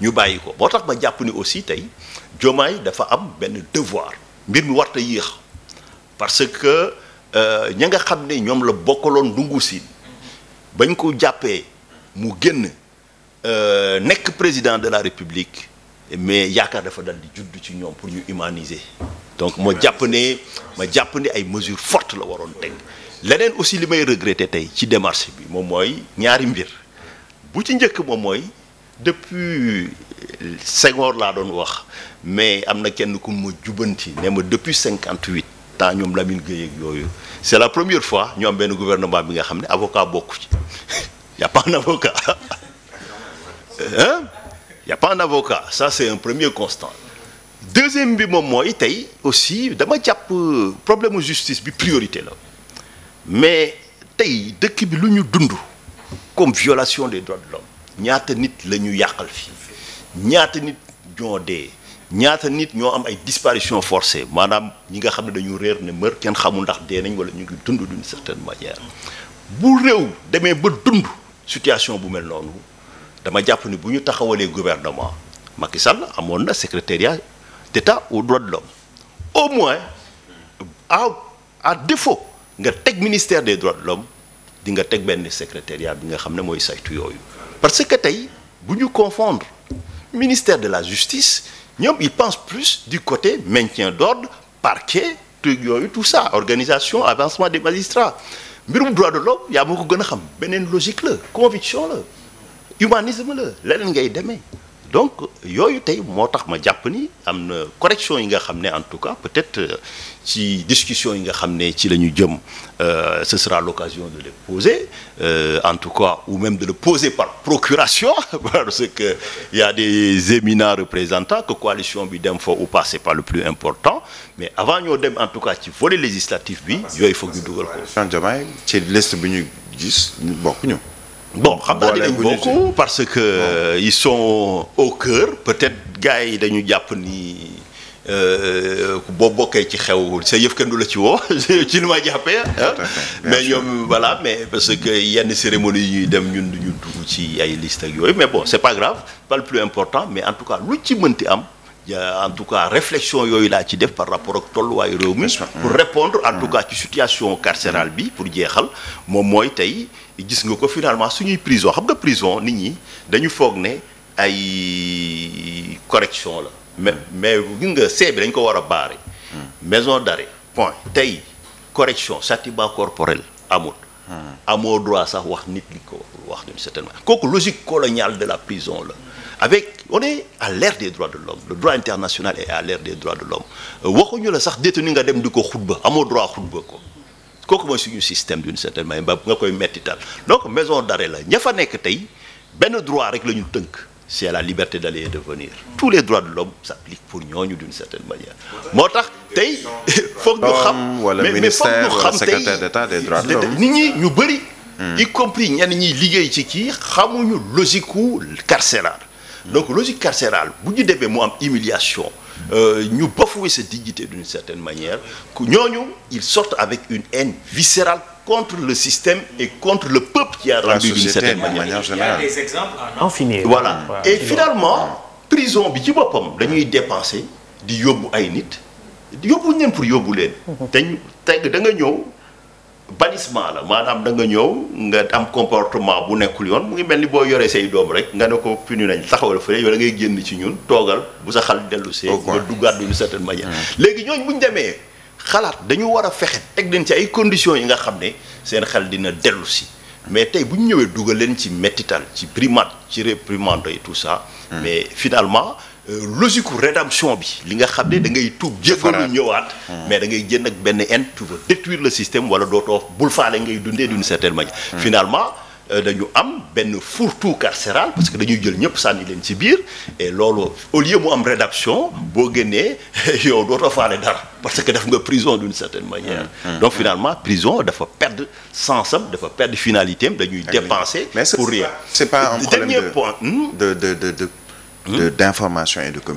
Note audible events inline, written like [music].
ñu bàyyi ko moo tax ma jàpp ni aussi tey Diomaye dafa am benn devoir mbir mi warta yéex parce que euh, ña nga xam ne ñoom la bokkaloon dungu siin bañ ko jàppee mu génn euh, nekk président de la république mais yaakaar dafa dal di judd ci ñoom pour ñu humaniser donc ma jàpp ne ma jàpp ni ay mesures forte la waroon teg leneen aussi li may regretter tey ci démarche bi moom mooy ñaari mbir bu ci njëkk moom mooy depuis Senghor laa doon wax mais am na kenn ku ma jubanti ne ma depuis 58 temps ñoom la Gueye ak yooyu c'est la première fois ñoom benn gouvernement bi nga xam ne avocat bokk ci [laughs] y a pas un avocat [laughs] hein y pas un avocat ça c'est un premier constat deuxième bi moom mooy tey aussi dama jàpp euh, problème mu justice bi priorité la mais tey dëkk bi lu ñu dund comme violation des droits de l'homme ñaata nit la ñu yàqal fii ñaata nit ñoo dee ñaata nit ñoo am ay disparition forcée maanaam ñi nga xam ne dañu réer ne mër kenn xamul ndax dee nañ wala ñu ngi dund d'une certaine manière bu réew demee ba dund situation bu mel noonu dama jàpp ni bu ñu taxawalee gouvernement Macky Sall amoon na secrétariat d'État aux droits de l'homme au moins à à défaut nga teg ministère des droits de l'homme di nga teg benn secrétariat bi nga xam ne mooy saytu yooyu parce que tey bu ñu confondre ministère de la justice ñoom ils pense plus du côté maintien d'ordre parquet truc yooyu tout ça organisation avancement des magistrats mbirum droit de l'homme yaa moo ko gën a xam beneen logique la conviction la humanisme la leneen ngay demee donc yooyu tey moo tax ma jàpp ni am na correction yi nga xam ne en tout cas peut-être si euh, discussion yi nga xam ne ci la ñu jëm euh, ce sera l'occasion de les poser euh, en tout cas ou même de le poser par procuration [laughs] parce que y des éminents représentants que coalition bi dem fa ou pas c'est le plus important mais avant ñoo dem en tout cas ci volet législatif bi yooyu foog ñu dugal ko. Diomaye ci liste bi ñu gis bokk ñu bon xam naa dinañ ko parce que bon. ils sont au cœur peut-être gars yi dañu jàpp ni euh, boo bokkee ci xew sa yëf kenn du la ci woo ci li ma jàppee mais ñoom voilà mais parce que yenn cérémonie yi dem ñun duñu dugg ci ay liste ak yooyu mais bon c'est pas grave pas le plus important mais en tout cas lu ci mënti am Euh, en tout cas réflexion yooyu laa ci def par rapport ak tolluwaayu réew mi pour répondre en tout mm. cas ci situation carcérale bi pour jeexal moom mooy tey gis nga ko finalement suñuy prison xam nga prison nit ñi dañu foog ne ay correction la mais mm. mais gis nga see dañ ko war a baare mm. maison d'arrêt point tey correction châtiment corporel amul amoo droit sax wax nit li ko wax d'une certaine manière kooku logique coloniale de la prison la avec on est à l'ère des droits de l'homme le droit international est à l'ère des droits de l'homme euh, waxuñu la sax ni nga dem di ko xutba amoo droit xutba ko kooku mooy suñu système d'une certaine manière ba bu nga koy mettital donc maison d'arrêt la ña fa nekk tey benn droit rek la ñu tënk c'est la liberté d'aller et de venir tous les droits de l'homme s'appliquent pour ñooñu d'une certaine manière moo tax tey [laughs] foog ñu xam mais mais foog ñu xam secrétaire d'État des droits de ñu bëri hmm. y compris ñenn ñiy liggéey ci kii xamuñu logique u carcéral donc logique carcérale bu ñu demee mu am humiliation euh, ñu bafouer sa dignité d'une certaine manière que ñooñu ils sortent avec une haine viscérale contre le système et contre le peuple qui a rendu d'une certaine manière. manière générale. Il y a euh, et finalement prison bi ci boppam dañuy dépenser di yóbbu ay nit yóbbuñ leen pour yóbbu leen. dañ teg da bannissement la maanaam da nga ñëw nga am comportement bu nekkul yoon mu ngi mel ni boo yoree say doom rek nga ne ko puni nañ taxawal fële yow da ngay génn ci ñun toogal bu sa xal dellu see nga duggaat d'une certaine manière mm. léegi ñooñu bu ñu demee xalaat dañu war a fexe teg leen ci ay conditions yi nga xam ne seen xel dina dellu si mais tey bu ñu ñëwee dugal leen ci métital ci primate ci réprimande et tout ça. Hmm. mais finalement euh, logique gu bi. li nga xam ne da ngay tuub hmm. jéggalu ñëwaat. Hmm. mais da ngay jënd ak benn inde tu veux détruire le système wala dootoo bul faale ngay dundee d'une certaine manière. finalement. Euh, dañu am benn fourre-tout carcéral parce que dañuy jël ñëpp sànni leen ci biir e loolu au lieu mu am rédaction boo génnee [laughs] yow dootoo faale dara parce que def nga prison d'une certaine manière. Ah, ah, donc ah. finalement prison dafa perdre sens am dafa perdre finalité am dañuy dépenser. pour rien mais c'est pas un problème de dernier point hmm? de de de hmm? d'information et de communication.